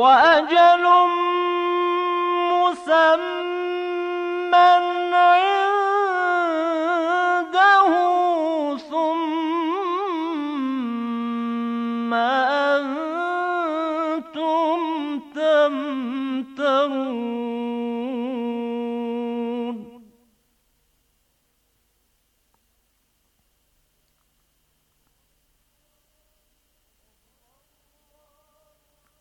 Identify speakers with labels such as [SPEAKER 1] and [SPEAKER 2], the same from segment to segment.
[SPEAKER 1] وأجل مسمى عند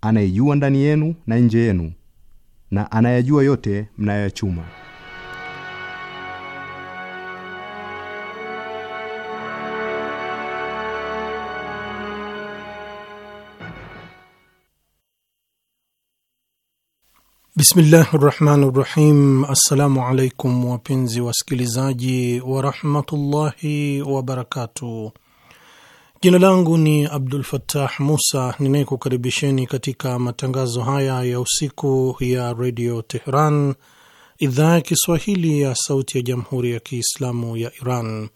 [SPEAKER 2] anayejua ndani yenu na nje yenu na anayajua yote mnayoyachuma.
[SPEAKER 3] Bismillahi rahmani rahim. Assalamu alaikum wapenzi wasikilizaji warahmatullahi wabarakatuh. Jina langu ni Abdul fatah Musa ninayekukaribisheni katika matangazo haya ya usiku ya redio Teheran, idhaa ya Kiswahili ya sauti ya jamhuri ya Kiislamu ya Iran,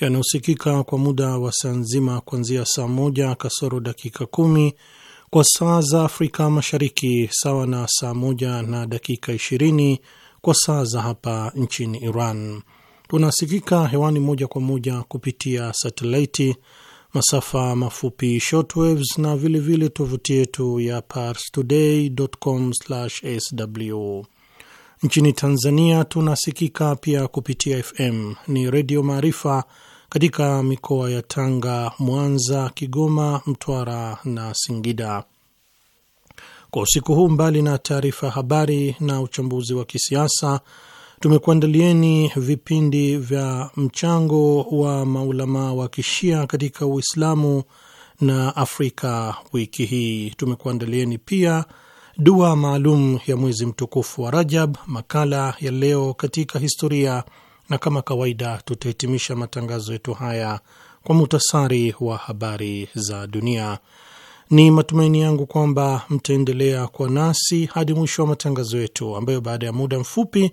[SPEAKER 3] yanayosikika kwa muda wa saa nzima kuanzia saa moja kasoro dakika kumi kwa saa za Afrika Mashariki, sawa na saa moja na dakika ishirini kwa saa za hapa nchini Iran. Tunasikika hewani moja kwa moja kupitia satelaiti masafa mafupi shortwaves na vilevile tovuti yetu ya parstoday.com/sw. Nchini Tanzania tunasikika pia kupitia FM ni Redio Maarifa katika mikoa ya Tanga, Mwanza, Kigoma, Mtwara na Singida. Kwa usiku huu, mbali na taarifa habari na uchambuzi wa kisiasa tumekuandalieni vipindi vya mchango wa maulama wa kishia katika Uislamu na Afrika. Wiki hii tumekuandalieni pia dua maalum ya mwezi mtukufu wa Rajab, makala ya leo katika historia, na kama kawaida tutahitimisha matangazo yetu haya kwa muhtasari wa habari za dunia. Ni matumaini yangu kwamba mtaendelea kuwa nasi hadi mwisho wa matangazo yetu ambayo baada ya muda mfupi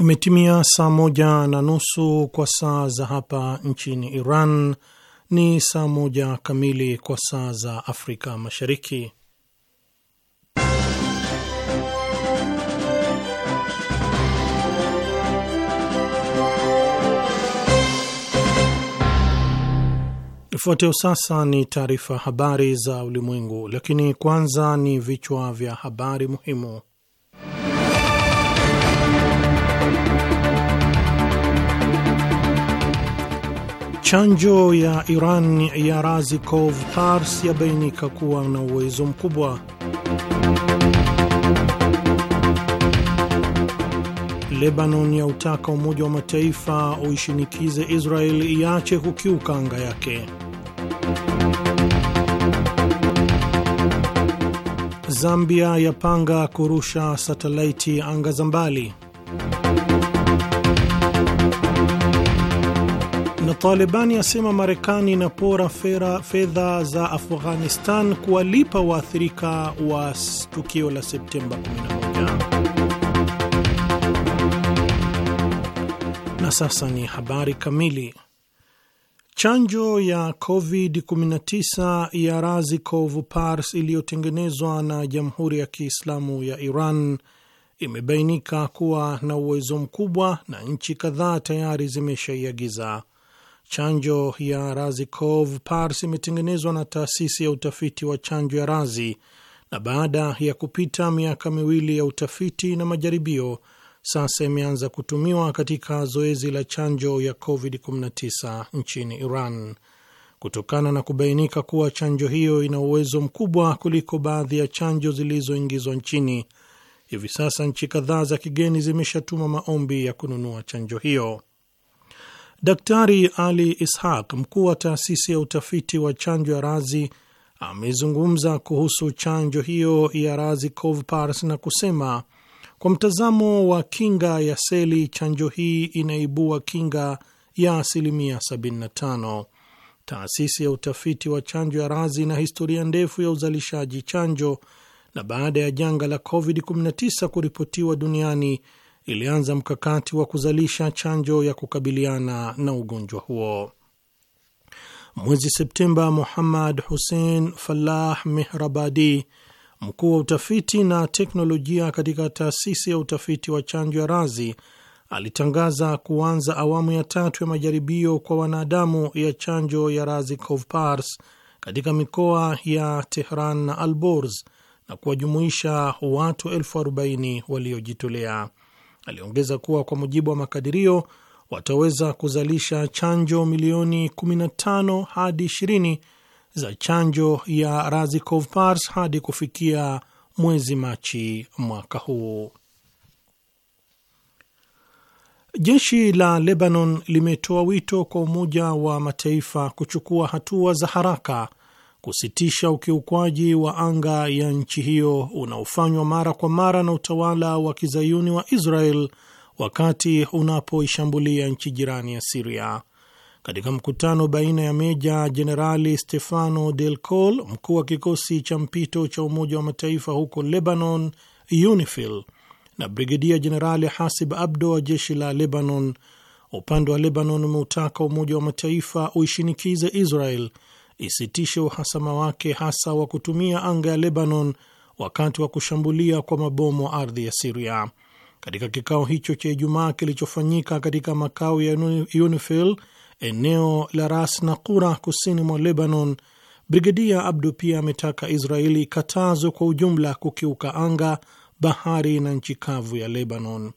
[SPEAKER 3] Umetimia saa moja na nusu kwa saa za hapa nchini Iran, ni saa moja kamili kwa saa za Afrika Mashariki. Ifuatayo sasa ni taarifa habari za ulimwengu, lakini kwanza ni vichwa vya habari muhimu. Chanjo ya Iran ya Razikov Pars yabainika kuwa na uwezo mkubwa. Lebanon ya utaka Umoja wa Mataifa uishinikize Israel iache kukiuka anga yake. Zambia yapanga kurusha satelaiti anga za mbali. Taliban asema Marekani inapora fedha za Afghanistan kuwalipa waathirika wa tukio la Septemba
[SPEAKER 4] 11.
[SPEAKER 3] Na sasa ni habari kamili. Chanjo ya COVID-19 ya Razicov Pars iliyotengenezwa na Jamhuri ya Kiislamu ya Iran imebainika kuwa na uwezo mkubwa na nchi kadhaa tayari zimeshaiagiza. Chanjo ya Razicov Pars imetengenezwa na taasisi ya utafiti wa chanjo ya Razi, na baada ya kupita miaka miwili ya utafiti na majaribio, sasa imeanza kutumiwa katika zoezi la chanjo ya COVID-19 nchini Iran. Kutokana na kubainika kuwa chanjo hiyo ina uwezo mkubwa kuliko baadhi ya chanjo zilizoingizwa nchini, hivi sasa nchi kadhaa za kigeni zimeshatuma maombi ya kununua chanjo hiyo. Daktari Ali Ishaq, mkuu wa taasisi ya utafiti wa chanjo ya razi, amezungumza kuhusu chanjo hiyo ya razi Covpars na kusema kwa mtazamo wa kinga ya seli, chanjo hii inaibua kinga ya asilimia 75. Taasisi ya utafiti wa chanjo ya razi ina historia ndefu ya uzalishaji chanjo, na baada ya janga la COVID-19 kuripotiwa duniani ilianza mkakati wa kuzalisha chanjo ya kukabiliana na ugonjwa huo. Mwezi Septemba, Muhammad Hussein Falah mehrabadi mkuu wa utafiti na teknolojia katika taasisi ya utafiti wa chanjo ya Razi, alitangaza kuanza awamu ya tatu ya majaribio kwa wanadamu ya chanjo ya Razi Covpars katika mikoa ya Tehran na Alborz na kuwajumuisha watu elfu arobaini waliojitolea aliongeza kuwa kwa mujibu wa makadirio wataweza kuzalisha chanjo milioni 15 hadi 20 za chanjo ya Razicov Pars hadi kufikia mwezi Machi mwaka huu. Jeshi la Lebanon limetoa wito kwa Umoja wa Mataifa kuchukua hatua za haraka kusitisha ukiukwaji wa anga ya nchi hiyo unaofanywa mara kwa mara na utawala wa kizayuni wa Israel wakati unapoishambulia nchi jirani ya Siria. Katika mkutano baina ya Meja Jenerali Stefano Del Col, mkuu wa kikosi cha mpito cha Umoja wa Mataifa huko Lebanon, UNIFIL, na Brigedia Jenerali Hasib Abdo wa jeshi la Lebanon, upande wa Lebanon umeutaka Umoja wa Mataifa uishinikize Israel isitishe uhasama wake hasa wa kutumia anga ya Lebanon wakati wa kushambulia kwa mabomu ardhi ya Siria. Katika kikao hicho cha Ijumaa kilichofanyika katika makao ya UNIFIL eneo la Ras na Kura kusini mwa Lebanon, Brigedia Abdu pia ametaka Israeli ikatazwe kwa ujumla kukiuka anga, bahari na nchi kavu ya Lebanon.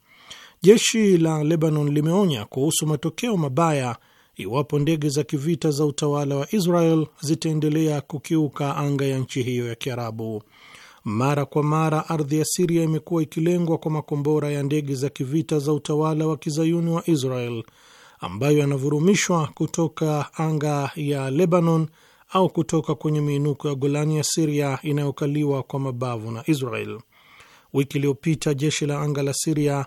[SPEAKER 3] Jeshi la Lebanon limeonya kuhusu matokeo mabaya iwapo ndege za kivita za utawala wa Israel zitaendelea kukiuka anga ya nchi hiyo ya Kiarabu. Mara kwa mara ardhi ya Siria imekuwa ikilengwa kwa makombora ya ndege za kivita za utawala wa kizayuni wa Israel ambayo yanavurumishwa kutoka anga ya Lebanon au kutoka kwenye miinuko ya Golani ya Siria inayokaliwa kwa mabavu na Israel. Wiki iliyopita jeshi la anga la Siria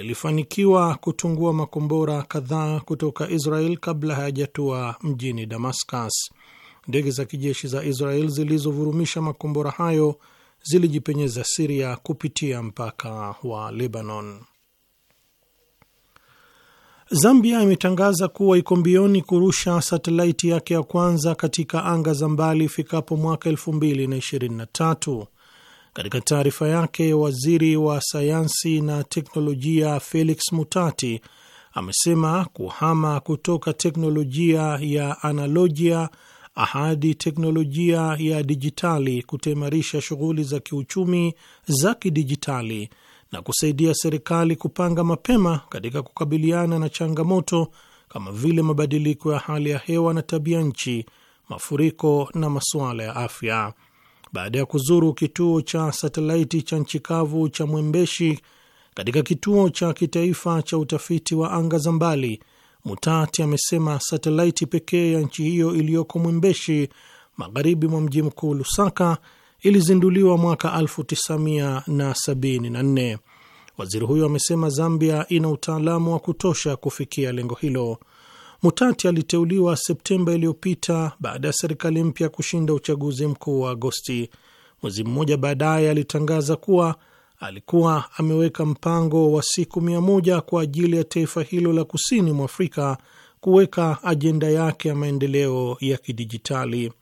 [SPEAKER 3] lilifanikiwa kutungua makombora kadhaa kutoka Israel kabla hayajatua mjini Damascus. Ndege za kijeshi za Israel zilizovurumisha makombora hayo zilijipenyeza Siria kupitia mpaka wa Lebanon. Zambia imetangaza kuwa iko mbioni kurusha satelaiti yake ya kwanza katika anga za mbali ifikapo mwaka 2023. Katika taarifa yake, waziri wa sayansi na teknolojia Felix Mutati amesema kuhama kutoka teknolojia ya analojia ahadi teknolojia ya dijitali kutaimarisha shughuli za kiuchumi za kidijitali na kusaidia serikali kupanga mapema katika kukabiliana na changamoto kama vile mabadiliko ya hali ya hewa na tabia nchi, mafuriko na masuala ya afya baada ya kuzuru kituo cha satelaiti cha nchi kavu cha Mwembeshi katika kituo cha kitaifa cha utafiti wa anga za mbali. Mutati amesema satelaiti pekee ya nchi hiyo iliyoko Mwembeshi, magharibi mwa mji mkuu Lusaka, ilizinduliwa mwaka 1974. Waziri huyo amesema Zambia ina utaalamu wa kutosha kufikia lengo hilo. Mutati aliteuliwa Septemba iliyopita baada ya serikali mpya kushinda uchaguzi mkuu wa Agosti. Mwezi mmoja baadaye alitangaza kuwa alikuwa ameweka mpango wa siku mia moja kwa ajili ya taifa hilo la kusini mwa Afrika kuweka ajenda yake ya maendeleo ya kidijitali.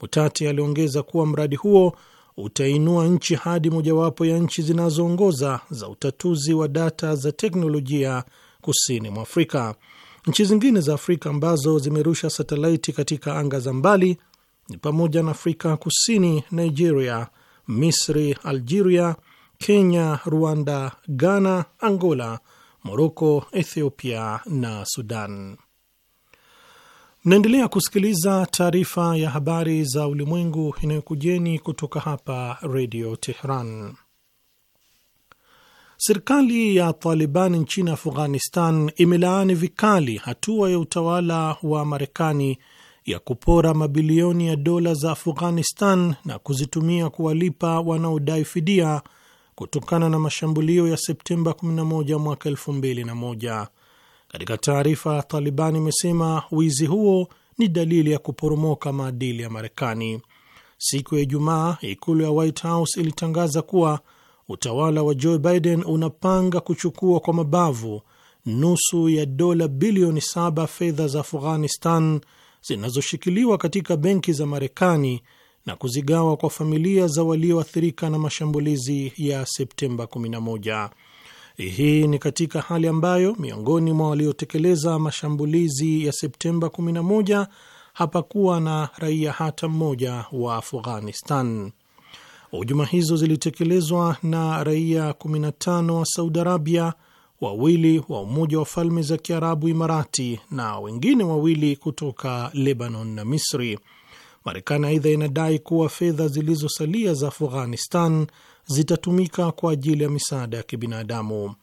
[SPEAKER 3] Mutati aliongeza kuwa mradi huo utainua nchi hadi mojawapo ya nchi zinazoongoza za utatuzi wa data za teknolojia kusini mwa Afrika. Nchi zingine za Afrika ambazo zimerusha satelaiti katika anga za mbali ni pamoja na Afrika Kusini, Nigeria, Misri, Algeria, Kenya, Rwanda, Ghana, Angola, Moroko, Ethiopia na Sudan. Mnaendelea kusikiliza taarifa ya habari za ulimwengu inayokujeni kutoka hapa Redio Tehran. Serikali ya Taliban nchini Afghanistan imelaani vikali hatua ya utawala wa Marekani ya kupora mabilioni ya dola za Afghanistan na kuzitumia kuwalipa wanaodai fidia kutokana na mashambulio ya Septemba 11 mwaka 2001. Katika taarifa, Taliban imesema wizi huo ni dalili ya kuporomoka maadili ya Marekani. Siku ya Ijumaa, ikulu ya White House ilitangaza kuwa utawala wa Joe Biden unapanga kuchukua kwa mabavu nusu ya dola bilioni saba fedha za Afghanistan zinazoshikiliwa katika benki za Marekani na kuzigawa kwa familia za walioathirika na mashambulizi ya Septemba 11. Hii ni katika hali ambayo miongoni mwa waliotekeleza mashambulizi ya Septemba 11 hapakuwa na raia hata mmoja wa Afghanistan. Hujuma hizo zilitekelezwa na raia 15 wa Saudi Arabia, wawili wa Umoja wa Falme za Kiarabu Imarati, na wengine wawili kutoka Lebanon na Misri. Marekani aidha inadai kuwa fedha zilizosalia za Afghanistan zitatumika kwa ajili ya misaada ya kibinadamu.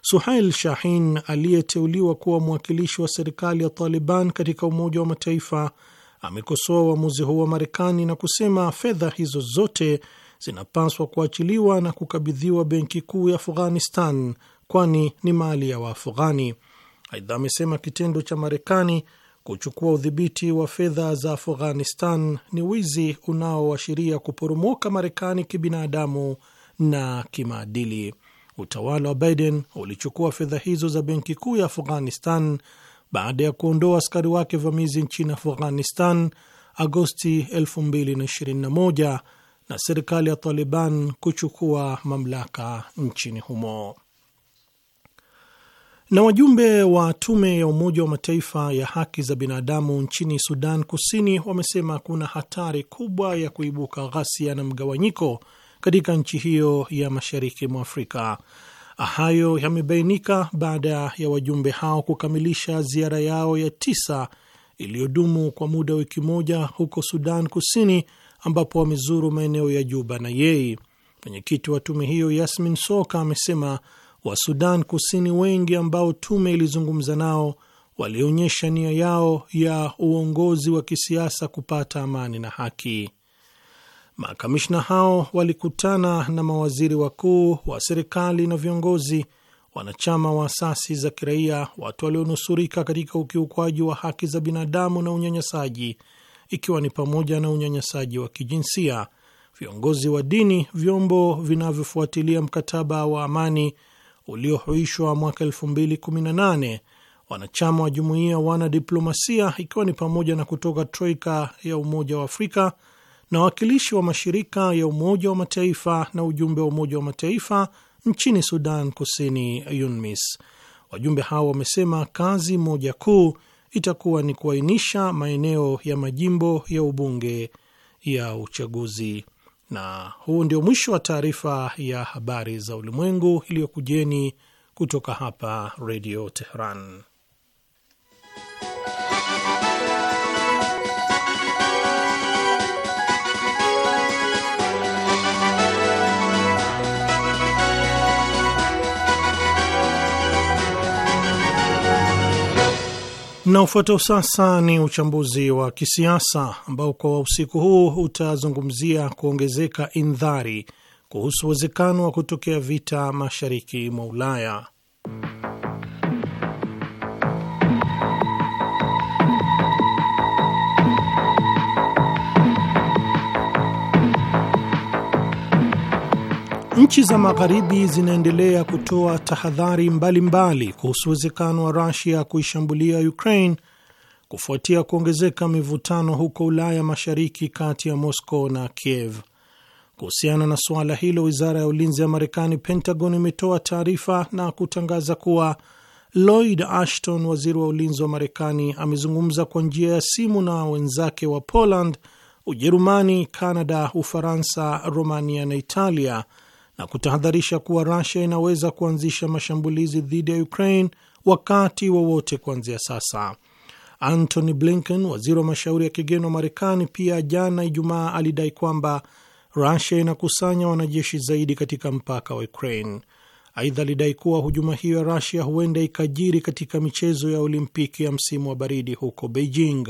[SPEAKER 3] Suhail Shahin aliyeteuliwa kuwa mwakilishi wa serikali ya Taliban katika Umoja wa Mataifa amekosoa uamuzi huu wa Marekani na kusema fedha hizo zote zinapaswa kuachiliwa na kukabidhiwa benki kuu ya Afghanistan, kwani ni mali ya Waafghani. Aidha amesema kitendo cha Marekani kuchukua udhibiti wa fedha za Afghanistan ni wizi unaoashiria kuporomoka Marekani kibinadamu na kimaadili. Utawala wa Biden ulichukua fedha hizo za benki kuu ya Afghanistan baada ya kuondoa askari wake vamizi nchini Afghanistan Agosti 2021 na serikali ya Taliban kuchukua mamlaka nchini humo. Na wajumbe wa tume ya Umoja wa Mataifa ya haki za binadamu nchini Sudan Kusini wamesema kuna hatari kubwa ya kuibuka ghasia na mgawanyiko katika nchi hiyo ya mashariki mwa Afrika. Hayo yamebainika baada ya wajumbe hao kukamilisha ziara yao ya tisa iliyodumu kwa muda wa wiki moja huko Sudan Kusini ambapo wamezuru maeneo ya Juba na Yei. Mwenyekiti wa tume hiyo Yasmin Soka amesema wasudan Kusini wengi ambao tume ilizungumza nao walionyesha nia yao ya uongozi wa kisiasa kupata amani na haki. Makamishna hao walikutana na mawaziri wakuu wa serikali na viongozi wanachama wa asasi za kiraia, watu walionusurika katika ukiukwaji wa haki za binadamu na unyanyasaji, ikiwa ni pamoja na unyanyasaji wa kijinsia. Viongozi wa dini, vyombo vinavyofuatilia mkataba wa amani uliohuishwa mwaka 2018, wanachama wa jumuiya wanadiplomasia, ikiwa ni pamoja na kutoka troika ya Umoja wa Afrika na wawakilishi wa mashirika ya Umoja wa Mataifa na ujumbe wa Umoja wa Mataifa nchini Sudan Kusini, UNMISS. Wajumbe hao wamesema kazi moja kuu itakuwa ni kuainisha maeneo ya majimbo ya ubunge ya uchaguzi. Na huu ndio mwisho wa taarifa ya habari za ulimwengu iliyokujeni kutoka hapa Redio Teheran. Mnaofuata sasa ni uchambuzi wa kisiasa ambao kwa usiku huu utazungumzia kuongezeka indhari kuhusu uwezekano wa kutokea vita mashariki mwa Ulaya. Nchi za Magharibi zinaendelea kutoa tahadhari mbalimbali kuhusu uwezekano wa Rusia kuishambulia Ukraine kufuatia kuongezeka mivutano huko Ulaya Mashariki kati ya Moscow na Kiev. Kuhusiana na suala hilo, wizara ya ulinzi ya Marekani, Pentagon, imetoa taarifa na kutangaza kuwa Lloyd Ashton, waziri wa ulinzi wa Marekani, amezungumza kwa njia ya simu na wenzake wa Poland, Ujerumani, Kanada, Ufaransa, Romania na Italia na kutahadharisha kuwa rasia inaweza kuanzisha mashambulizi dhidi ya Ukraine wakati wowote wa kuanzia sasa. Antony Blinken, waziri wa mashauri ya kigeni wa Marekani, pia jana Ijumaa alidai kwamba Rusia inakusanya wanajeshi zaidi katika mpaka wa Ukraine. Aidha, alidai kuwa hujuma hiyo ya Rusia huenda ikajiri katika michezo ya Olimpiki ya msimu wa baridi huko Beijing.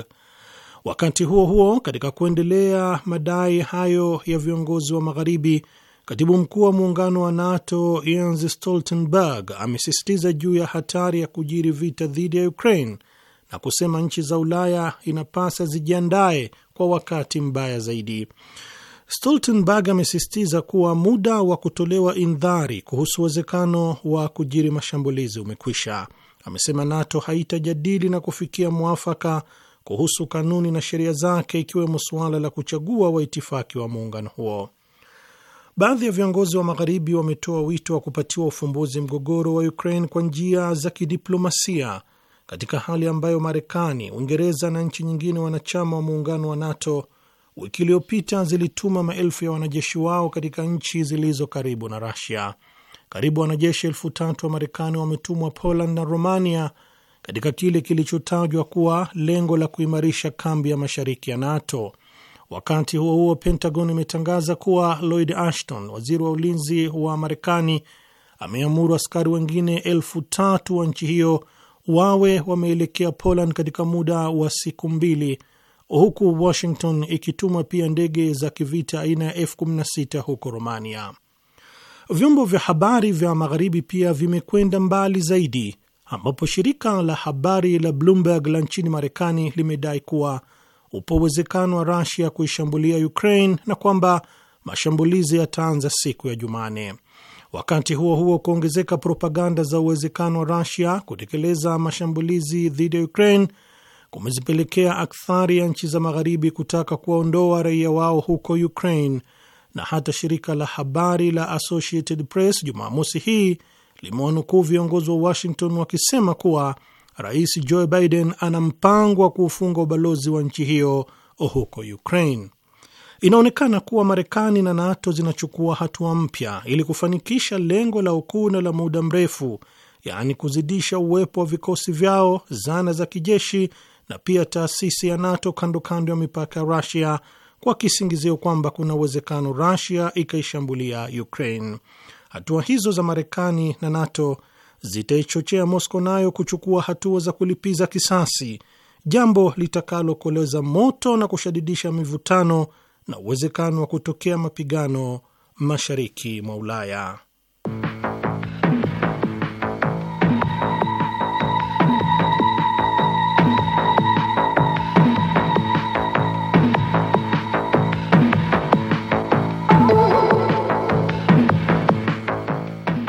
[SPEAKER 3] Wakati huo huo, katika kuendelea madai hayo ya viongozi wa Magharibi, Katibu mkuu wa muungano wa NATO Jens Stoltenberg amesisitiza juu ya hatari ya kujiri vita dhidi ya Ukraine na kusema nchi za Ulaya inapasa zijiandae kwa wakati mbaya zaidi. Stoltenberg amesisitiza kuwa muda wa kutolewa indhari kuhusu uwezekano wa kujiri mashambulizi umekwisha. Amesema NATO haitajadili na kufikia mwafaka kuhusu kanuni na sheria zake, ikiwemo suala la kuchagua waitifaki wa muungano huo. Baadhi ya viongozi wa Magharibi wametoa wito wa kupatiwa ufumbuzi mgogoro wa Ukraine kwa njia za kidiplomasia katika hali ambayo Marekani, Uingereza na nchi nyingine wanachama wa muungano wa NATO wiki iliyopita zilituma maelfu ya wanajeshi wao katika nchi zilizo karibu na rasia Karibu wanajeshi elfu tatu wa Marekani wametumwa Poland na Romania katika kile kilichotajwa kuwa lengo la kuimarisha kambi ya mashariki ya NATO. Wakati huo huo, Pentagon imetangaza kuwa Lloyd Ashton, waziri wa ulinzi wa Marekani, ameamuru askari wengine elfu tatu wa nchi hiyo wawe wameelekea Poland katika muda wa siku mbili, huku Washington ikituma pia ndege za kivita aina ya F-16 huko Romania. Vyombo vya habari vya magharibi pia vimekwenda mbali zaidi, ambapo shirika la habari la Bloomberg la nchini Marekani limedai kuwa upo uwezekano wa Rasia kuishambulia Ukraine na kwamba mashambulizi yataanza siku ya Jumane. Wakati huo huo, kuongezeka propaganda za uwezekano wa Rasia kutekeleza mashambulizi dhidi ya Ukraine kumezipelekea akthari ya nchi za Magharibi kutaka kuwaondoa raia wao huko Ukraine, na hata shirika la habari la Associated Press Jumamosi hii limewanukuu viongozi wa Washington wakisema kuwa Rais Joe Biden ana mpango wa kuufunga ubalozi wa nchi hiyo huko Ukraine. Inaonekana kuwa Marekani na NATO zinachukua hatua mpya ili kufanikisha lengo la ukuu na la muda mrefu, yaani kuzidisha uwepo wa vikosi vyao, zana za kijeshi na pia taasisi ya NATO kando kando ya mipaka ya Rusia, kwa kisingizio kwamba kuna uwezekano Rusia ikaishambulia Ukraine. Hatua hizo za Marekani na NATO zitaichochea Moscow nayo kuchukua hatua za kulipiza kisasi, jambo litakalokoleza moto na kushadidisha mivutano na uwezekano wa kutokea mapigano mashariki mwa Ulaya.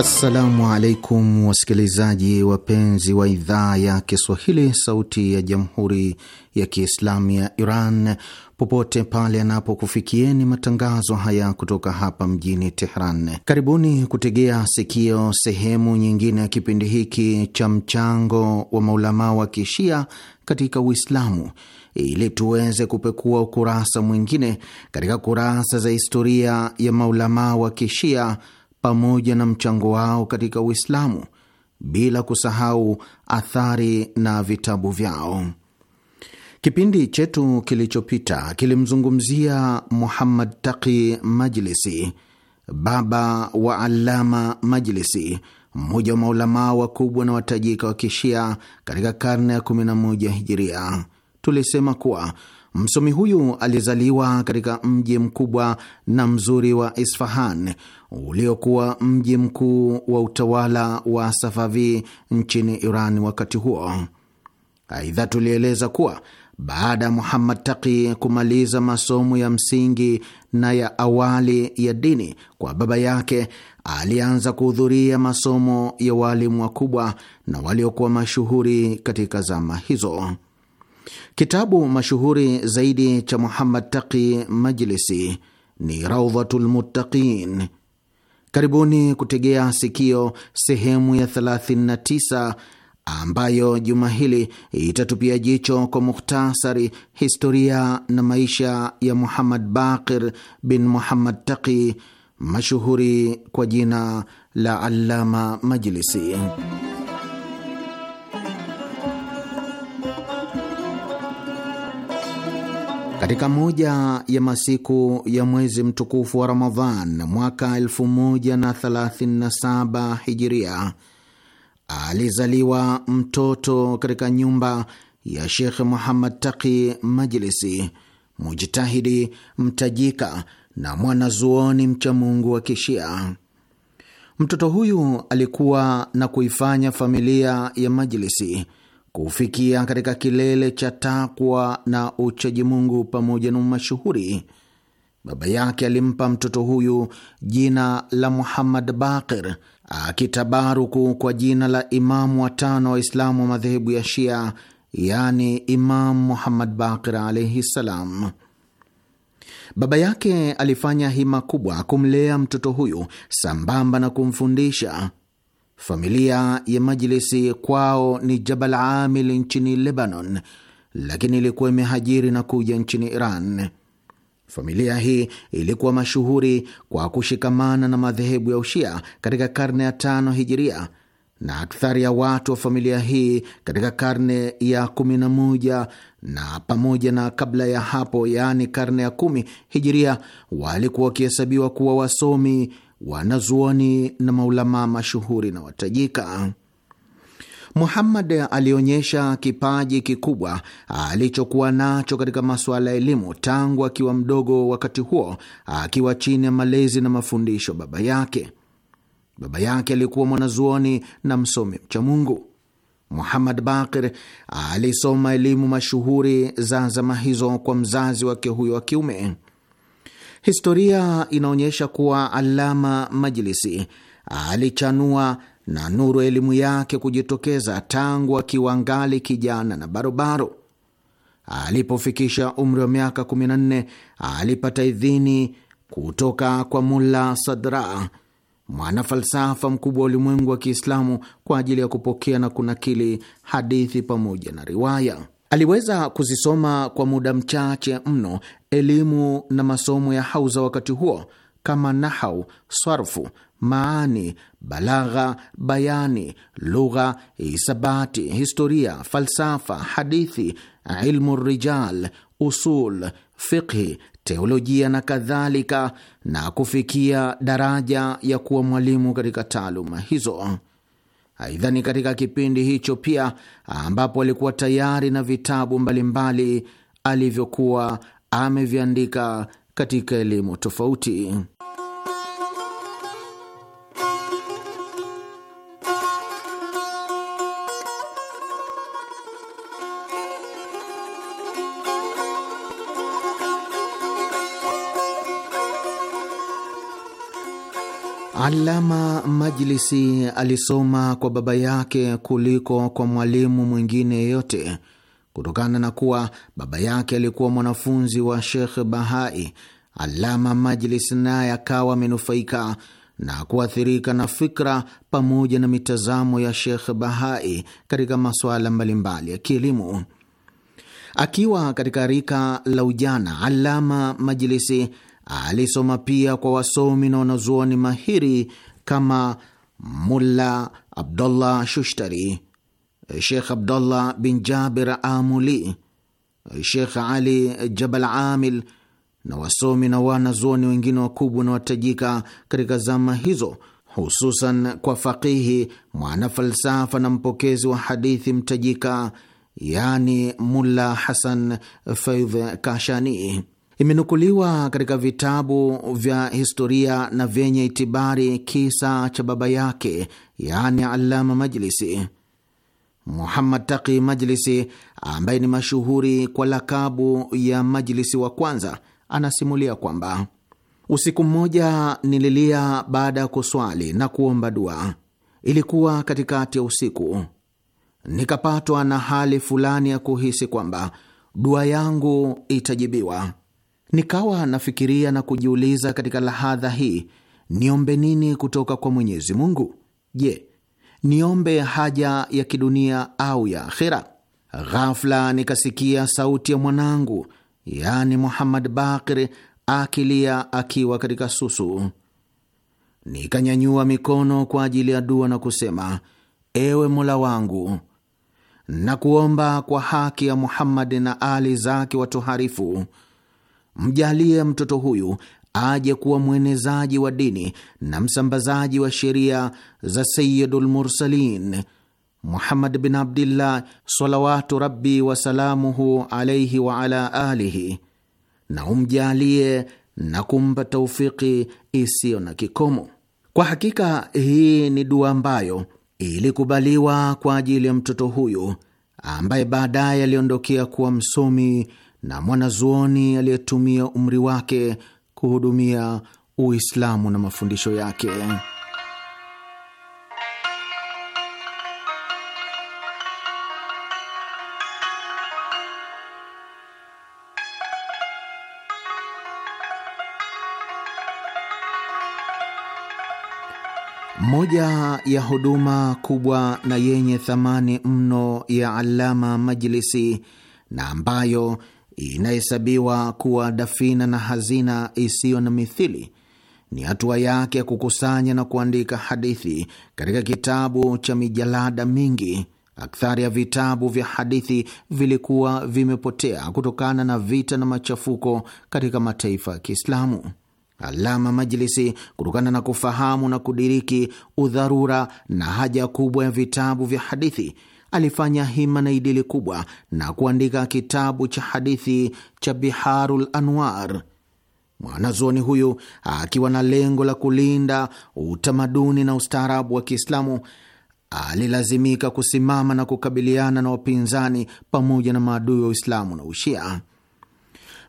[SPEAKER 5] Assalamu alaikum wasikilizaji wapenzi wa idhaa ya Kiswahili, sauti ya jamhuri ya kiislamu ya Iran, popote pale anapokufikieni matangazo haya kutoka hapa mjini Tehran. Karibuni kutegea sikio sehemu nyingine ya kipindi hiki cha mchango wa maulamaa wa kishia katika Uislamu, ili tuweze kupekua ukurasa mwingine katika kurasa za historia ya maulamaa wa kishia pamoja na mchango wao katika Uislamu, bila kusahau athari na vitabu vyao. Kipindi chetu kilichopita kilimzungumzia Muhammad Taqi Majlisi, baba wa Allama Majlisi, mmoja wa maulamaa wakubwa na watajika wa Kishia katika karne ya 11 Hijiria. Tulisema kuwa msomi huyu alizaliwa katika mji mkubwa na mzuri wa Isfahan uliokuwa mji mkuu wa utawala wa Safavi nchini Iran wakati huo. Aidha, tulieleza kuwa baada ya Muhammad Taqi kumaliza masomo ya msingi na ya awali ya dini kwa baba yake, alianza kuhudhuria masomo ya waalimu wakubwa na waliokuwa mashuhuri katika zama hizo. Kitabu mashuhuri zaidi cha Muhammad Taki Majlisi ni Raudhatul Muttaqin Karibuni kutegea sikio sehemu ya 39 ambayo juma hili itatupia jicho kwa mukhtasari historia na maisha ya Muhammad Baqir bin Muhammad Taqi mashuhuri kwa jina la Allama Majlisi. Katika moja ya masiku ya mwezi mtukufu wa Ramadhan mwaka 137 Hijiria, alizaliwa mtoto katika nyumba ya Shekh Muhammad Taqi Majlisi, mujtahidi mtajika na mwanazuoni mchamungu wa Kishia. Mtoto huyu alikuwa na kuifanya familia ya Majlisi kufikia katika kilele cha takwa na uchaji Mungu pamoja na umashuhuri. Baba yake alimpa mtoto huyu jina la Muhammad Baqir, akitabaruku kwa jina la imamu watano Waislamu wa madhehebu ya Shia, yani Imamu Muhammad Baqir alaihi ssalam. Baba yake alifanya hima kubwa kumlea mtoto huyu sambamba na kumfundisha Familia ya Majlisi kwao ni Jabal Amil nchini Lebanon, lakini ilikuwa imehajiri na kuja nchini Iran. Familia hii ilikuwa mashuhuri kwa kushikamana na madhehebu ya Ushia katika karne ya tano hijiria na akthari ya watu wa familia hii katika karne ya kumi na moja na pamoja na kabla ya hapo, yaani karne ya kumi hijiria, walikuwa wakihesabiwa kuwa wasomi wanazuoni na maulamaa mashuhuri na watajika. Muhammad alionyesha kipaji kikubwa alichokuwa nacho katika masuala ya elimu tangu akiwa mdogo, wakati huo akiwa chini ya malezi na mafundisho baba yake. Baba yake alikuwa mwanazuoni na msomi mcha Mungu. Muhammad Bakir alisoma elimu mashuhuri za zama hizo kwa mzazi wake huyo wa kiume. Historia inaonyesha kuwa Alama Majlisi alichanua na nuru elimu yake kujitokeza tangu akiwa ngali kijana na barobaro. Alipofikisha umri wa miaka 14 alipata idhini kutoka kwa Mulla Sadra, mwana falsafa mkubwa wa ulimwengu wa Kiislamu, kwa ajili ya kupokea na kunakili hadithi pamoja na riwaya. Aliweza kuzisoma kwa muda mchache mno elimu na masomo ya hauza wakati huo kama nahau, swarfu, maani, balagha, bayani, lugha, hisabati, historia, falsafa, hadithi, ilmu rijal, usul, fiqhi, teolojia na kadhalika, na kufikia daraja ya kuwa mwalimu katika taaluma hizo. Aidha, ni katika kipindi hicho pia ambapo alikuwa tayari na vitabu mbalimbali alivyokuwa ameviandika katika elimu tofauti. Alama Majlisi alisoma kwa baba yake kuliko kwa mwalimu mwingine yeyote kutokana na kuwa baba yake alikuwa mwanafunzi wa Shekh Bahai. Alama Majlisi naye akawa amenufaika na kuathirika na fikra pamoja na mitazamo ya Shekh Bahai katika masuala mbalimbali ya kielimu. Akiwa katika rika la ujana, Alama Majlisi Alisoma pia kwa wasomi na wanazuoni mahiri kama Mulla Abdullah Shushtari, Shekh Abdullah bin Jabir Amuli, Shekh Ali Jabal Amil na wasomi na wanazuoni wengine wakubwa na watajika katika zama hizo, hususan kwa faqihi, mwana falsafa na mpokezi wa hadithi mtajika, yani Mulla Hasan Faidh Kashani. Imenukuliwa katika vitabu vya historia na vyenye itibari kisa cha baba yake, yaani alama Majlisi. Muhammad Taqi Majlisi, ambaye ni mashuhuri kwa lakabu ya Majlisi wa kwanza, anasimulia kwamba usiku mmoja nililia baada ya kuswali na kuomba dua. Ilikuwa katikati ya usiku, nikapatwa na hali fulani ya kuhisi kwamba dua yangu itajibiwa. Nikawa nafikiria na kujiuliza katika lahadha hii, niombe nini kutoka kwa Mwenyezi Mungu? Je, niombe haja ya kidunia au ya akhira Ghafla nikasikia sauti ya mwanangu, yaani Muhammad Bakir, akilia akiwa katika susu. Nikanyanyua mikono kwa ajili ya dua na kusema, ewe Mola wangu na kuomba kwa haki ya Muhammad na ali zake watoharifu Mjalie mtoto huyu aje kuwa mwenezaji wa dini na msambazaji wa sheria za Sayyidul Mursalin Muhammad bin Abdillah salawatu rabbi wasalamuhu alaihi wa ala alihi, na umjalie na kumpa taufiki isiyo na kikomo. Kwa hakika hii ni dua ambayo ilikubaliwa kwa ajili ya mtoto huyu ambaye baadaye aliondokea kuwa msomi na mwanazuoni aliyetumia umri wake kuhudumia Uislamu na mafundisho yake. Moja ya huduma kubwa na yenye thamani mno ya Alama Majlisi na ambayo inahesabiwa kuwa dafina na hazina isiyo na mithili. Ni hatua yake ya kukusanya na kuandika hadithi katika kitabu cha mijalada mingi. Akthari ya vitabu vya hadithi vilikuwa vimepotea kutokana na vita na machafuko katika mataifa ya Kiislamu. Alama Majlisi, kutokana na kufahamu na kudiriki udharura na haja kubwa ya vitabu vya hadithi, alifanya hima na idili kubwa na kuandika kitabu cha hadithi cha Biharul Anwar. Mwanazuoni huyu akiwa na lengo la kulinda utamaduni na ustaarabu wa Kiislamu alilazimika kusimama na kukabiliana na wapinzani pamoja na maadui wa Uislamu na Ushia.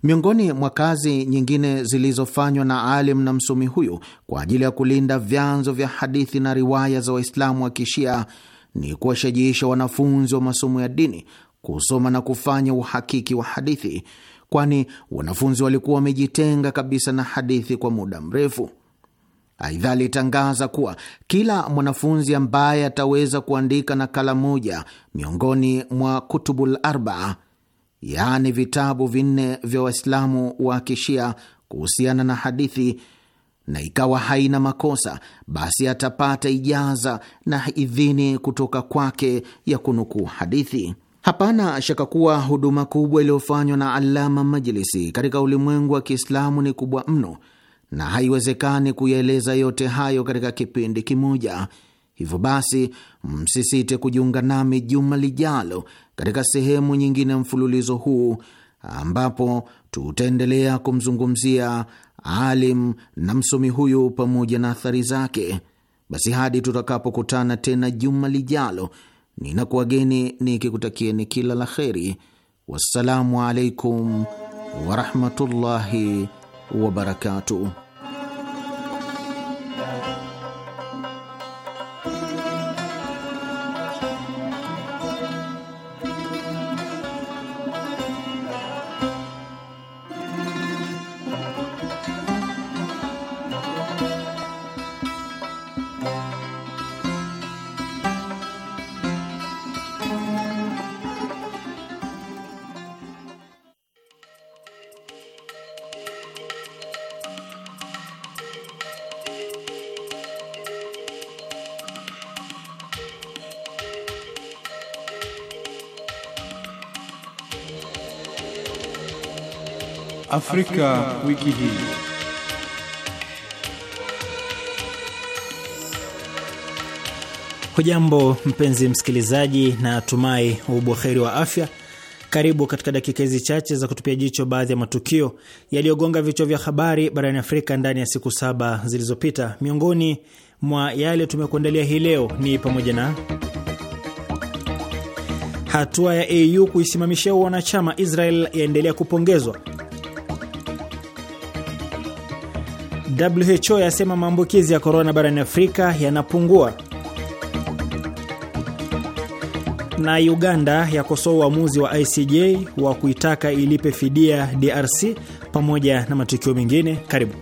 [SPEAKER 5] Miongoni mwa kazi nyingine zilizofanywa na alim na msomi huyu kwa ajili ya kulinda vyanzo vya hadithi na riwaya za Waislamu wa Kishia ni kuwashajiisha wanafunzi wa masomo ya dini kusoma na kufanya uhakiki wa hadithi, kwani wanafunzi walikuwa wamejitenga kabisa na hadithi kwa muda mrefu. Aidha, alitangaza kuwa kila mwanafunzi ambaye ataweza kuandika nakala moja miongoni mwa kutubul arba, yaani vitabu vinne vya Waislamu wa kishia kuhusiana na hadithi na ikawa haina makosa, basi atapata ijaza na idhini kutoka kwake ya kunukuu hadithi. Hapana shaka kuwa huduma kubwa iliyofanywa na Alama Majlisi katika ulimwengu wa Kiislamu ni kubwa mno na haiwezekani kuyaeleza yote hayo katika kipindi kimoja. Hivyo basi, msisite kujiunga nami juma lijalo katika sehemu nyingine ya mfululizo huu ambapo tutaendelea kumzungumzia alim na msomi huyu pamoja na athari zake. Basi hadi tutakapokutana tena juma lijalo, ninakuwageni nikikutakieni kila la kheri. Wassalamu alaikum warahmatullahi wabarakatuh.
[SPEAKER 3] Afrika,
[SPEAKER 2] wiki hii.
[SPEAKER 6] Hujambo mpenzi msikilizaji, na tumai ubuheri wa afya. Karibu katika dakika hizi chache za kutupia jicho baadhi ya matukio yaliyogonga vichwa vya habari barani Afrika ndani ya siku saba zilizopita. Miongoni mwa yale tumekuandalia hii leo ni pamoja na hatua ya AU kuisimamishia wanachama Israel yaendelea kupongezwa WHO yasema maambukizi ya korona barani Afrika yanapungua, na Uganda yakosoa uamuzi wa ICJ wa kuitaka ilipe fidia DRC, pamoja na matukio mengine. Karibu.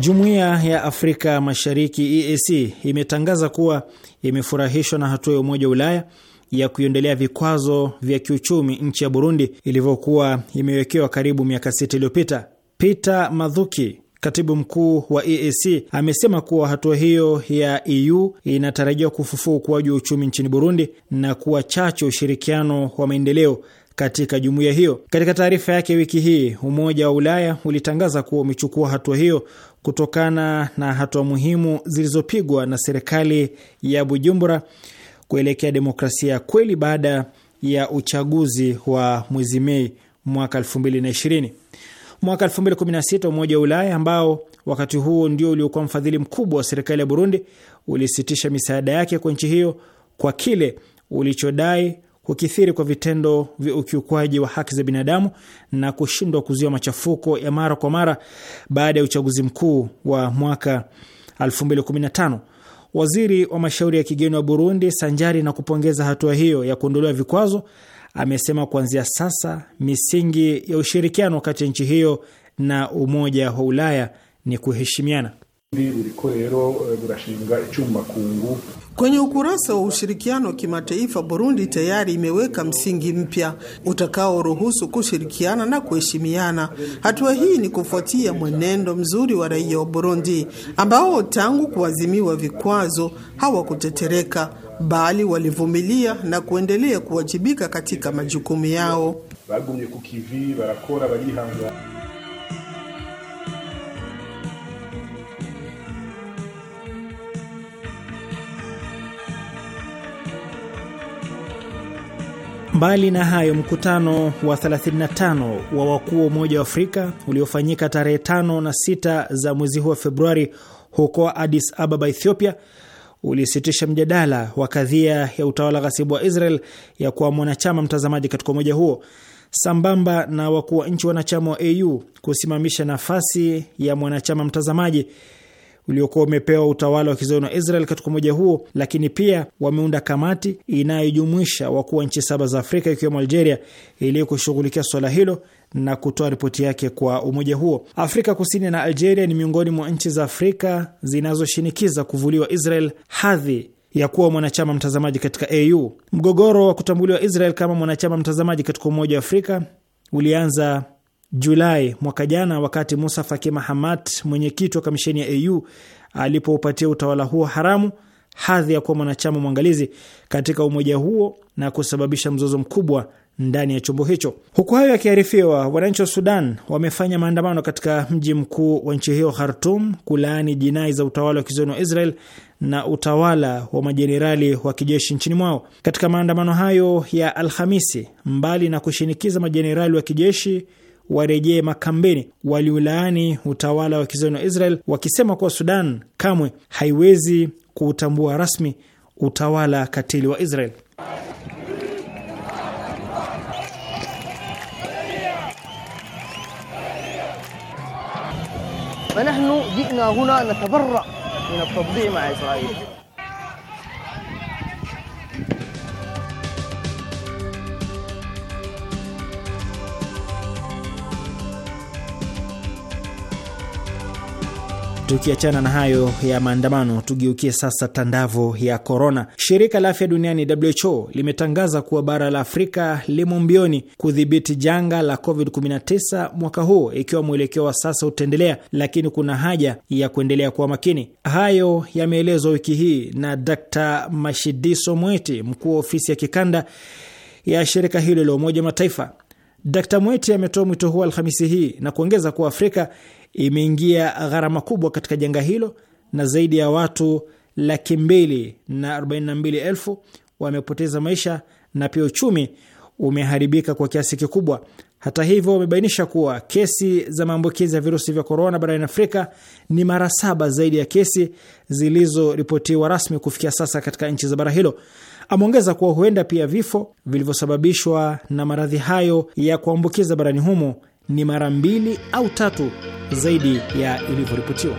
[SPEAKER 6] Jumuiya ya Afrika Mashariki EAC imetangaza kuwa imefurahishwa na hatua ya Umoja wa Ulaya ya kuiendelea vikwazo vya kiuchumi nchi ya Burundi ilivyokuwa imewekewa karibu miaka sita iliyopita. Peter Mathuki katibu mkuu wa EAC amesema kuwa hatua hiyo ya EU inatarajiwa kufufua ukuaji wa uchumi nchini Burundi na kuwa chachu ushirikiano wa maendeleo katika jumuiya hiyo. Katika taarifa yake wiki hii, Umoja wa Ulaya ulitangaza kuwa umechukua hatua hiyo kutokana na hatua muhimu zilizopigwa na serikali ya Bujumbura kuelekea demokrasia ya kweli baada ya uchaguzi wa mwezi Mei mwaka 2020. Mwaka 2016 Umoja wa Ulaya ambao wakati huo ndio uliokuwa mfadhili mkubwa wa serikali ya Burundi ulisitisha misaada yake kwa nchi hiyo kwa kile ulichodai kukithiri kwa vitendo vya ukiukwaji wa haki za binadamu na kushindwa kuzuia machafuko ya mara kwa mara baada ya uchaguzi mkuu wa mwaka 2015. Waziri wa mashauri ya kigeni wa Burundi, sanjari na kupongeza hatua hiyo ya kuondolewa vikwazo, amesema kuanzia sasa misingi ya ushirikiano kati ya nchi hiyo na Umoja wa Ulaya ni kuheshimiana.
[SPEAKER 2] Eh, Kwenye ukurasa wa ushirikiano wa kimataifa, Burundi tayari imeweka msingi mpya utakaoruhusu kushirikiana na kuheshimiana. Hatua hii ni kufuatia mwenendo mzuri wa raia wa Burundi ambao tangu kuazimiwa vikwazo hawakutetereka, bali walivumilia na kuendelea kuwajibika katika majukumu yao. bagumye kukivi barakora barihangana
[SPEAKER 6] Mbali na hayo, mkutano wa 35 wa wakuu wa Umoja wa Afrika uliofanyika tarehe 5 na 6 za mwezi huu wa Februari huko Addis Ababa, Ethiopia, ulisitisha mjadala wa kadhia ya utawala ghasibu wa Israel ya kuwa mwanachama mtazamaji katika umoja huo, sambamba na wakuu wa nchi wanachama wa AU kusimamisha nafasi ya mwanachama mtazamaji uliokuwa umepewa utawala wa kizayuni wa Israel katika umoja huo, lakini pia wameunda kamati inayojumuisha wakuu wa nchi saba za Afrika ikiwemo Algeria ili kushughulikia swala hilo na kutoa ripoti yake kwa umoja huo. Afrika Kusini na Algeria ni miongoni mwa nchi za Afrika zinazoshinikiza kuvuliwa Israel hadhi ya kuwa mwanachama mtazamaji katika AU. Mgogoro wa kutambuliwa Israel kama mwanachama mtazamaji katika umoja wa Afrika ulianza Julai mwaka jana, wakati Musa Faki Mahamat, mwenyekiti wa kamisheni ya AU, alipoupatia utawala huo haramu hadhi ya kuwa mwanachama mwangalizi katika umoja huo na kusababisha mzozo mkubwa ndani ya chombo hicho. Huku hayo yakiarifiwa, wananchi wa Sudan wamefanya maandamano katika mji mkuu wa nchi hiyo Khartum, kulaani jinai za utawala wa kizoni wa Israel na utawala wa majenerali wa kijeshi nchini mwao. Katika maandamano hayo ya Alhamisi, mbali na kushinikiza majenerali wa kijeshi warejee makambeni. Waliulaani utawala wa kizoni wa Israel wakisema kuwa Sudan kamwe haiwezi kuutambua rasmi utawala katili wa Israel. Tukiachana na hayo ya maandamano, tugeukie sasa tandavu ya korona. Shirika la afya duniani WHO limetangaza kuwa bara la Afrika limo mbioni kudhibiti janga la COVID-19 mwaka huu, ikiwa mwelekeo wa sasa utaendelea, lakini kuna haja ya kuendelea kuwa makini. Hayo yameelezwa wiki hii na Dr Mashidiso Mweti, mkuu wa ofisi ya kikanda ya shirika hilo la Umoja Mataifa. Dr Mweti ametoa mwito huo Alhamisi hii na kuongeza kuwa Afrika imeingia gharama kubwa katika janga hilo na zaidi ya watu laki mbili na mbili elfu wamepoteza maisha na pia uchumi umeharibika kwa kiasi kikubwa. Hata hivyo, wamebainisha kuwa kesi za maambukizi ya virusi vya korona barani Afrika ni mara saba zaidi ya kesi zilizoripotiwa rasmi kufikia sasa katika nchi za bara hilo. Ameongeza kuwa huenda pia vifo vilivyosababishwa na maradhi hayo ya kuambukiza barani humo ni mara mbili au tatu zaidi ya ilivyoripotiwa.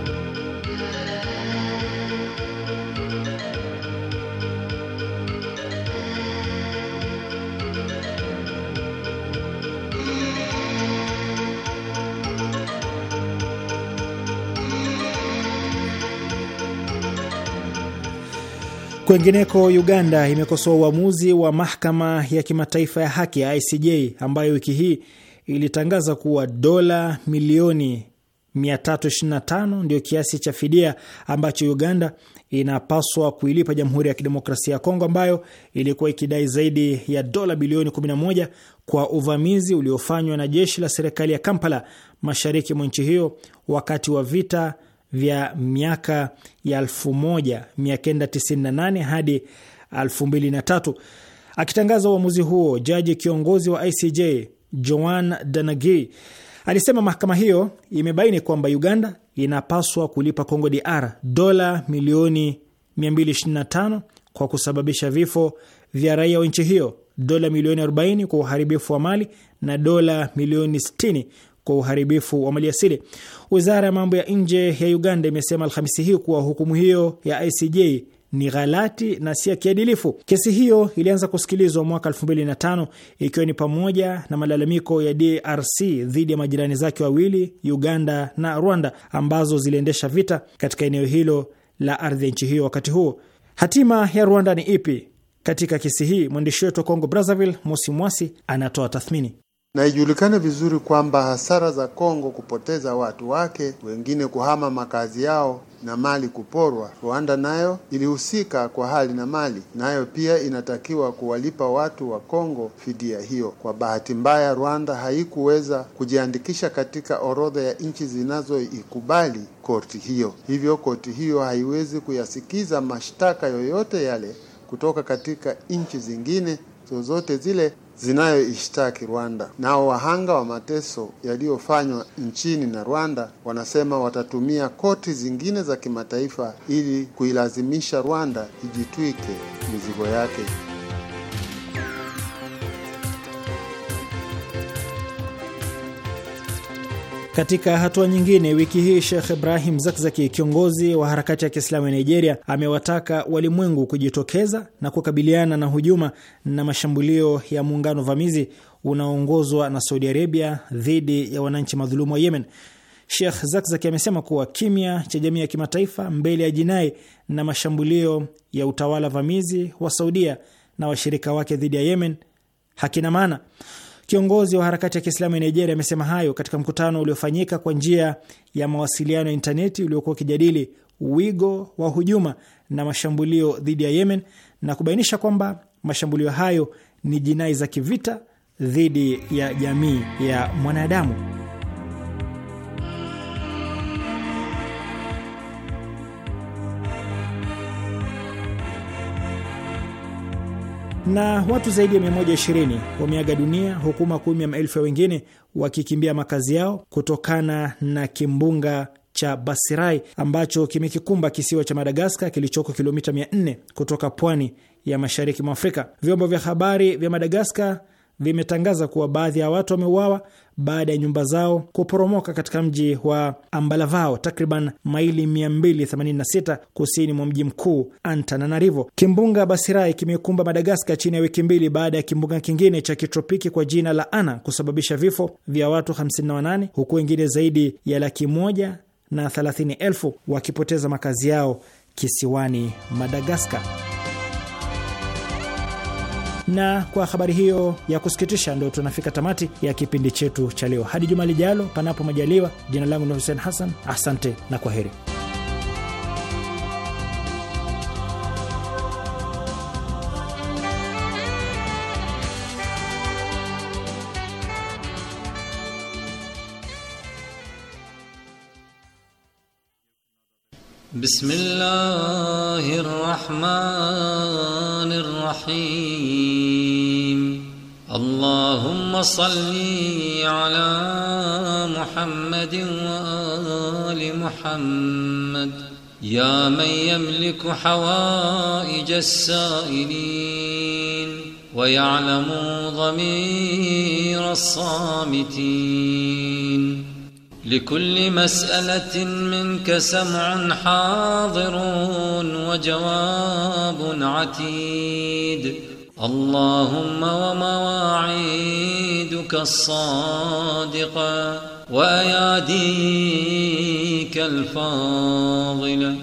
[SPEAKER 6] Kwengineko, Uganda imekosoa uamuzi wa mahakama ya kimataifa ya haki ya ICJ ambayo wiki hii ilitangaza kuwa dola milioni 325 ndio kiasi cha fidia ambacho Uganda inapaswa kuilipa Jamhuri ya Kidemokrasia ya Kongo ambayo ilikuwa ikidai zaidi ya dola bilioni 11 kwa uvamizi uliofanywa na jeshi la serikali ya Kampala mashariki mwa nchi hiyo wakati wa vita vya miaka ya 1998 hadi 2003. Akitangaza uamuzi huo, jaji kiongozi wa ICJ Joan danagi alisema mahakama hiyo imebaini kwamba Uganda inapaswa kulipa congo DR dola milioni 225 kwa kusababisha vifo vya raia wa nchi hiyo, dola milioni 40 kwa uharibifu wa mali na dola milioni 60 kwa uharibifu wa maliasili. Wizara ya mambo ya nje ya Uganda imesema Alhamisi hii kuwa hukumu hiyo ya ICJ ni ghalati na si ya kiadilifu. Kesi hiyo ilianza kusikilizwa mwaka 2005 ikiwa ni pamoja na malalamiko ya DRC dhidi ya majirani zake wawili Uganda na Rwanda ambazo ziliendesha vita katika eneo hilo la ardhi ya nchi hiyo wakati huo. Hatima ya Rwanda ni ipi katika kesi hii? Mwandishi wetu wa Kongo Brazzaville, Mosi Mwasi, anatoa tathmini
[SPEAKER 5] na ijulikane vizuri kwamba hasara za Kongo kupoteza watu wake, wengine kuhama makazi yao na mali kuporwa. Rwanda nayo ilihusika kwa hali na mali, nayo pia inatakiwa kuwalipa watu wa Kongo fidia hiyo. Kwa bahati mbaya, Rwanda haikuweza kujiandikisha katika orodha ya nchi zinazoikubali koti hiyo, hivyo koti hiyo haiwezi kuyasikiza mashtaka yoyote yale kutoka katika nchi zingine zozote zile zinayoishtaki Rwanda. Nao wahanga wa mateso yaliyofanywa nchini na Rwanda wanasema watatumia koti zingine za kimataifa ili kuilazimisha Rwanda ijitwike mizigo yake.
[SPEAKER 6] Katika hatua nyingine, wiki hii Shekh Ibrahim Zakzaki, kiongozi wa harakati ya Kiislamu ya Nigeria, amewataka walimwengu kujitokeza na kukabiliana na hujuma na mashambulio ya muungano vamizi unaoongozwa na Saudi Arabia dhidi ya wananchi madhulumu wa Yemen. Shekh Zakzaki amesema kuwa kimya cha jamii ya kimataifa mbele ya jinai na mashambulio ya utawala vamizi wa Saudia na washirika wake dhidi ya Yemen hakina maana. Kiongozi wa harakati ya Kiislamu ya Nigeria amesema hayo katika mkutano uliofanyika kwa njia ya mawasiliano ya intaneti uliokuwa ukijadili wigo wa hujuma na mashambulio dhidi ya Yemen na kubainisha kwamba mashambulio hayo ni jinai za kivita dhidi ya jamii ya mwanadamu. na watu zaidi ya 120 wameaga dunia huku makumi ya maelfu ya wengine wakikimbia makazi yao kutokana na kimbunga cha Basirai ambacho kimekikumba kisiwa cha Madagaskar kilichoko kilomita 400 kutoka pwani ya mashariki mwa Afrika. Vyombo vya habari vya Madagaskar vimetangaza kuwa baadhi ya watu wameuawa baada ya nyumba zao kuporomoka katika mji wa Ambalavao, takriban maili 286 kusini mwa mji mkuu Antananarivo. Kimbunga Basirai kimekumba Madagaskar chini ya wiki mbili baada ya kimbunga kingine cha kitropiki kwa jina la Ana kusababisha vifo vya watu 58 huku wengine zaidi ya laki moja na 30 elfu wakipoteza makazi yao kisiwani Madagaskar. Na kwa habari hiyo ya kusikitisha, ndo tunafika tamati ya kipindi chetu cha leo. Hadi juma lijalo, panapo majaliwa. Jina langu ni Hussein Hassan, asante na kwa heri.
[SPEAKER 7] Bismillahirrahmanirrahim صل على محمد وآل محمد يا من يملك حوائج السائلين ويعلم ضمير الصامتين لكل مسألة منك سمع حاضر وجواب عتيد اللهم ومواعيدك الصادقة وأياديك الفاضلة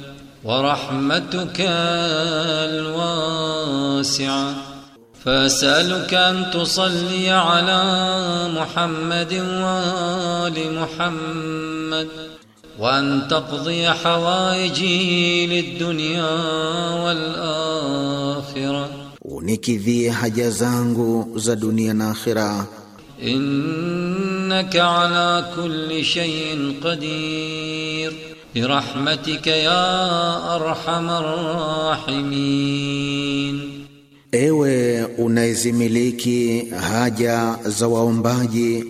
[SPEAKER 7] ورحمتك الواسعة فأسألك أن تصلي على محمد وآل محمد وأن تقضي حوائجي للدنيا والآخرة
[SPEAKER 5] unikidhie haja zangu za dunia na akhira.
[SPEAKER 7] Innaka ala kulli shay'in qadir rahmatika ya arhamar
[SPEAKER 5] rahimin, ewe unaezimiliki haja za waombaji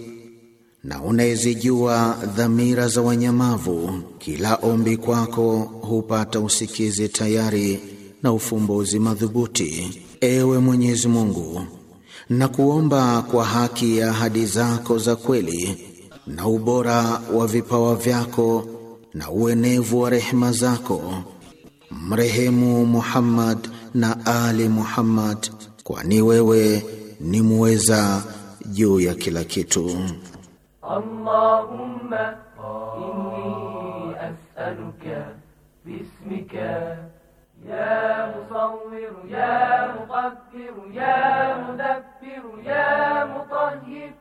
[SPEAKER 5] na unaezijua dhamira za wanyamavu. Kila ombi kwako hupata usikizi tayari na ufumbuzi madhubuti. Ewe Mwenyezi Mungu, nakuomba kwa haki ya ahadi zako za kweli na ubora wa vipawa vyako na uenevu wa rehema zako, mrehemu Muhammad na Ali Muhammad, kwani wewe ni muweza juu ya kila kitu.
[SPEAKER 1] Allahumma inni as'aluka bismika
[SPEAKER 7] يا مصور يا مقدر يا
[SPEAKER 1] مدبر يا مطهر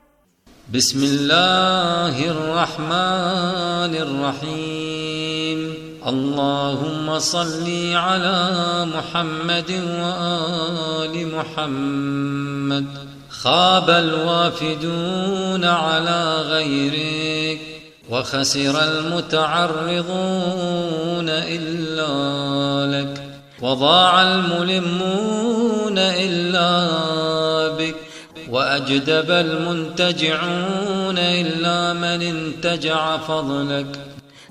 [SPEAKER 7] بسم الله الرحمن الرحيم اللهم صل على محمد وآل محمد خاب الوافدون على غيرك وخسر المتعرضون إلا لك وضاع الملمون إلا بك وأجدب المنتجعون إلا من انتجع فضلك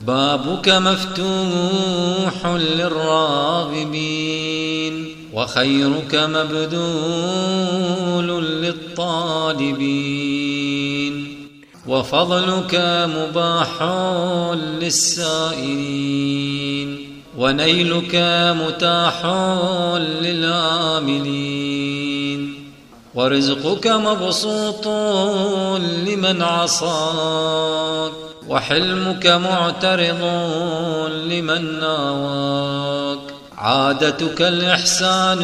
[SPEAKER 7] بابك مفتوح للراغبين وخيرك مبذول للطالبين وفضلك مباح للسائلين ونيلك متاح للعاملين ورزقك مبسوط لمن عصاك وحلمك معترض لمن ناواك عادتك الإحسان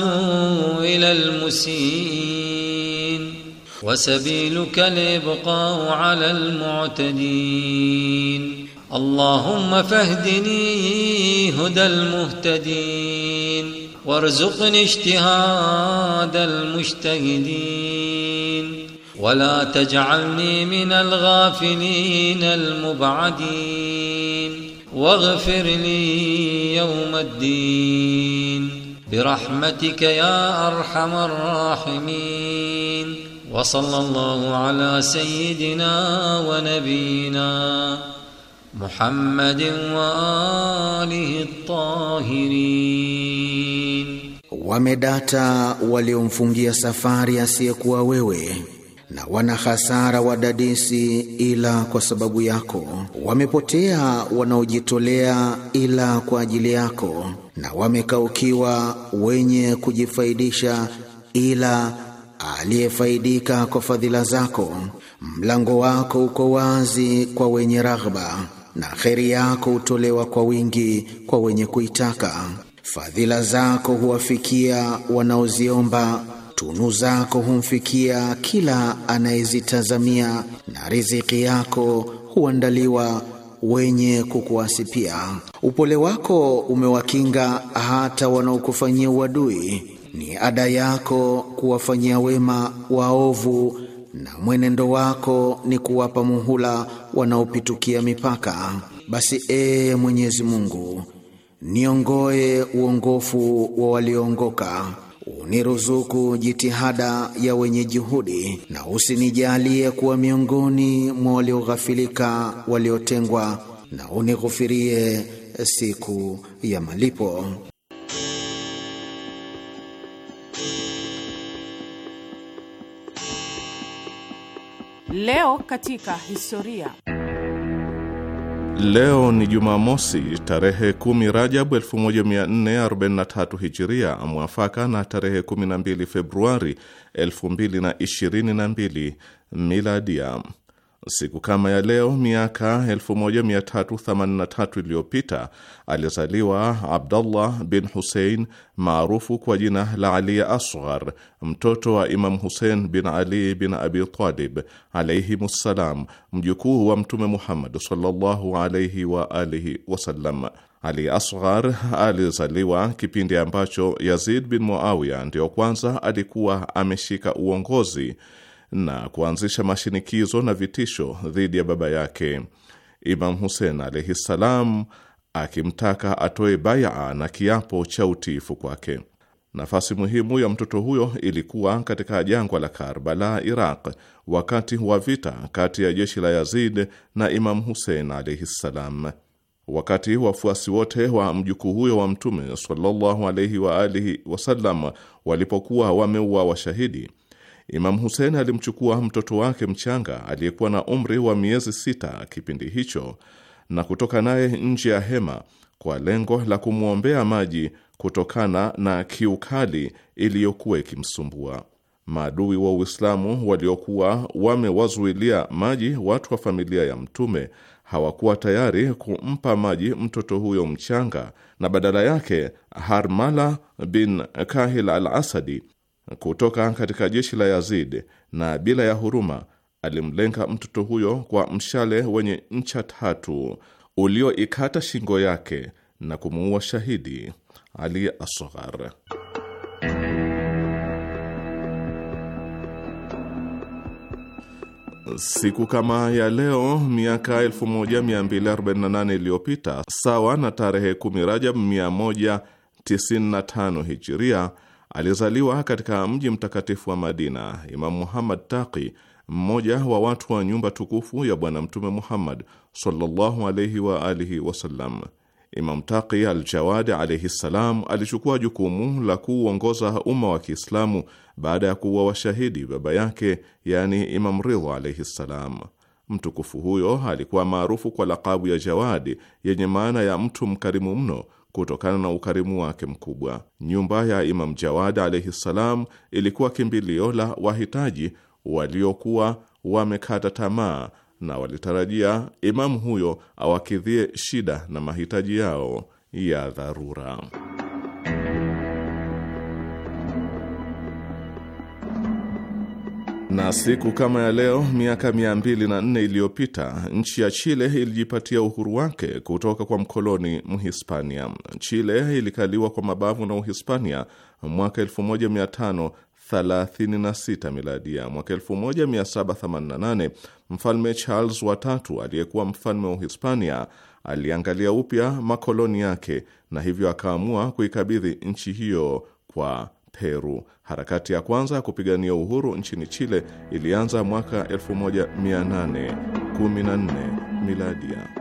[SPEAKER 7] إلى المسين وسبيلك الإبقاء على المعتدين اللهم فاهدني هدى المهتدين وارزقني اجتهاد المجتهدين ولا تجعلني من الغافلين المبعدين واغفر لي يوم الدين برحمتك يا أرحم الراحمين وصلى الله على سيدنا ونبينا Muhammad wa alihi
[SPEAKER 5] tahirin, wamedata waliomfungia safari asiyekuwa wewe na wana hasara wadadisi ila kwa sababu yako, wamepotea wanaojitolea ila kwa ajili yako, na wamekaukiwa wenye kujifaidisha ila aliyefaidika kwa fadhila zako. Mlango wako uko wazi kwa wenye raghba na kheri yako hutolewa kwa wingi kwa wenye kuitaka. Fadhila zako huwafikia wanaoziomba, tunu zako humfikia kila anayezitazamia, na riziki yako huandaliwa wenye pia Upole wako umewakinga hata wanaokufanyia uadui. Ni ada yako kuwafanyia wema waovu na mwenendo wako ni kuwapa muhula wanaopitukia mipaka. Basi ee Mwenyezi Mungu, niongoe uongofu wa walioongoka, uniruzuku jitihada ya wenye juhudi, na usinijalie kuwa miongoni mwa walioghafilika waliotengwa, na unighufirie siku ya malipo.
[SPEAKER 2] Leo katika historia. Leo ni Jumamosi tarehe 10 Rajab 1443 Hijiria, mwafaka na tarehe 12 Februari 2022 Miladia. Siku kama ya leo miaka 1383 iliyopita alizaliwa abdullah bin husein maarufu kwa jina la Ali Asghar, mtoto wa Imam husein bin Ali bin Abi Talib ssalam, mjukuu wa Mtume Muhammad sallallahu alaihi wa alihi wasallam. Ali Asghar alizaliwa kipindi ambacho Yazid bin Muawiya ndiyo kwanza alikuwa ameshika uongozi na kuanzisha mashinikizo na vitisho dhidi ya baba yake Imam Husein alaihi ssalam, akimtaka atoe baia na kiapo cha utiifu kwake. Nafasi muhimu ya mtoto huyo ilikuwa katika jangwa la Karbala, Iraq, wakati wa vita kati ya jeshi la Yazid na Imam Husein alaihi ssalam. Wakati wafuasi wote wa mjukuu huyo wa Mtume sallallahu alaihi wa alihi wasallam walipokuwa wameua washahidi Imam Hussein alimchukua mtoto wake mchanga aliyekuwa na umri wa miezi sita kipindi hicho na kutoka naye nje ya hema kwa lengo la kumwombea maji kutokana na kiu kali iliyokuwa ikimsumbua. Maadui wa Uislamu waliokuwa wamewazuilia maji watu wa familia ya Mtume hawakuwa tayari kumpa maji mtoto huyo mchanga, na badala yake Harmala bin Kahil al Asadi kutoka katika jeshi la Yazid, na bila ya huruma alimlenga mtoto huyo kwa mshale wenye ncha tatu ulioikata shingo yake na kumuua shahidi Ali Asghar. Siku kama ya leo miaka 1248 iliyopita, sawa na tarehe 10 Rajab 195 Hijiria, Alizaliwa katika mji mtakatifu wa Madina. Imamu Muhammad Taqi, mmoja wa watu wa nyumba tukufu ya Bwana Mtume Muhammad sallallahu wa alihi wasallam. Imam Taqi al-Jawad alaihi ssalam alichukua jukumu la kuuongoza umma wa Kiislamu baada ya kuwa washahidi baba yake, yani Imam Ridha alaihi ssalam. Mtukufu huyo alikuwa maarufu kwa lakabu ya Jawadi yenye maana ya mtu mkarimu mno kutokana na ukarimu wake mkubwa. Nyumba ya Imam Jawad alaihi ssalam ilikuwa kimbilio la wahitaji waliokuwa wamekata tamaa na walitarajia imamu huyo awakidhie shida na mahitaji yao ya dharura. Na siku kama ya leo miaka nne iliyopita nchi ya Chile ilijipatia uhuru wake kutoka kwa mkoloni Mhispania. Chile ilikaliwa kwa mabavu na Uhispania mwaka 1536 miladia. Mwaka 1788 mfalme Charles watatu aliyekuwa mfalme wa Uhispania aliangalia upya makoloni yake na hivyo akaamua kuikabidhi nchi hiyo kwa Peru. Harakati ya kwanza ya kupigania uhuru nchini Chile ilianza mwaka 1814 miladia.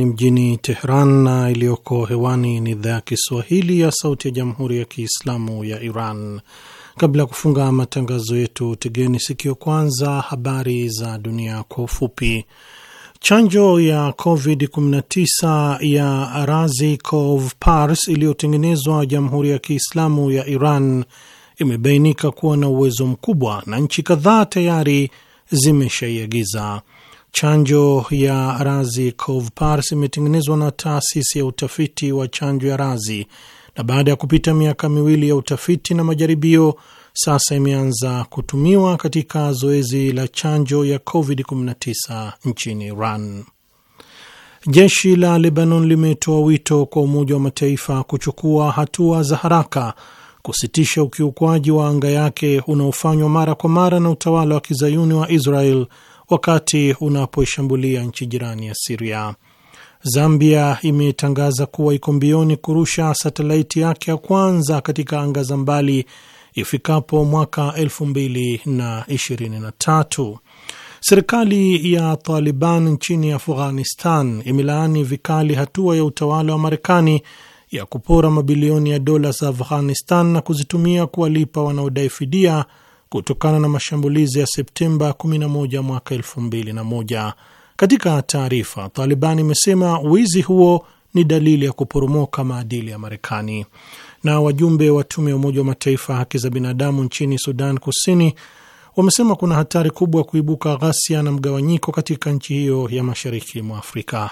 [SPEAKER 3] ni mjini Tehran na iliyoko hewani ni idhaa ya Kiswahili ya Sauti ya Jamhuri ya Kiislamu ya Iran. Kabla ya kufunga matangazo yetu, tegeni sikio kwanza habari za dunia kwa ufupi. Chanjo ya COVID-19 ya Razicov Pars iliyotengenezwa Jamhuri ya Kiislamu ya Iran imebainika kuwa na uwezo mkubwa na nchi kadhaa tayari zimeshaiagiza. Chanjo ya razi Covpars imetengenezwa na taasisi ya utafiti wa chanjo ya razi na baada ya kupita miaka miwili ya utafiti na majaribio, sasa imeanza kutumiwa katika zoezi la chanjo ya COVID-19 nchini Iran. Jeshi la Lebanon limetoa wito kwa Umoja wa Mataifa kuchukua hatua za haraka kusitisha ukiukwaji wa anga yake unaofanywa mara kwa mara na utawala wa kizayuni wa Israel wakati unapoishambulia nchi jirani ya Siria. Zambia imetangaza kuwa iko mbioni kurusha satelaiti yake ya kwanza katika anga za mbali ifikapo mwaka 2023. Serikali ya Taliban nchini Afghanistan imelaani vikali hatua ya utawala wa Marekani ya kupora mabilioni ya dola za Afghanistan na kuzitumia kuwalipa wanaodai fidia kutokana na mashambulizi ya Septemba 11 mwaka 2001. Katika taarifa, Taliban imesema wizi huo ni dalili ya kuporomoka maadili ya Marekani. Na wajumbe wa tume ya Umoja wa Mataifa haki za binadamu nchini Sudan Kusini wamesema kuna hatari kubwa ya kuibuka ghasia na mgawanyiko katika nchi hiyo ya mashariki mwa Afrika.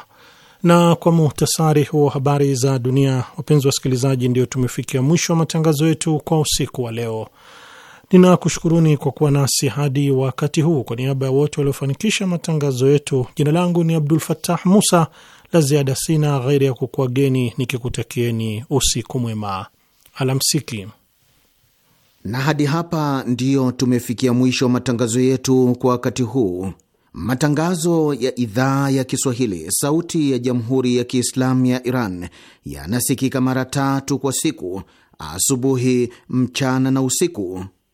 [SPEAKER 3] Na kwa muhtasari huo habari za dunia, wapenzi wa wasikilizaji, ndio tumefikia mwisho wa matangazo yetu kwa usiku wa leo. Ninakushukuruni kwa kuwa nasi hadi wakati huu. Kwa niaba ya wote waliofanikisha matangazo yetu, jina langu ni Abdul fatah Musa. La ziada sina ghairi ya kukuageni nikikutakieni usiku mwema, alamsiki.
[SPEAKER 5] Na hadi hapa ndiyo tumefikia mwisho wa matangazo yetu kwa wakati huu. Matangazo ya idhaa ya Kiswahili sauti ya jamhuri ya Kiislamu ya Iran yanasikika mara tatu kwa siku: asubuhi, mchana na usiku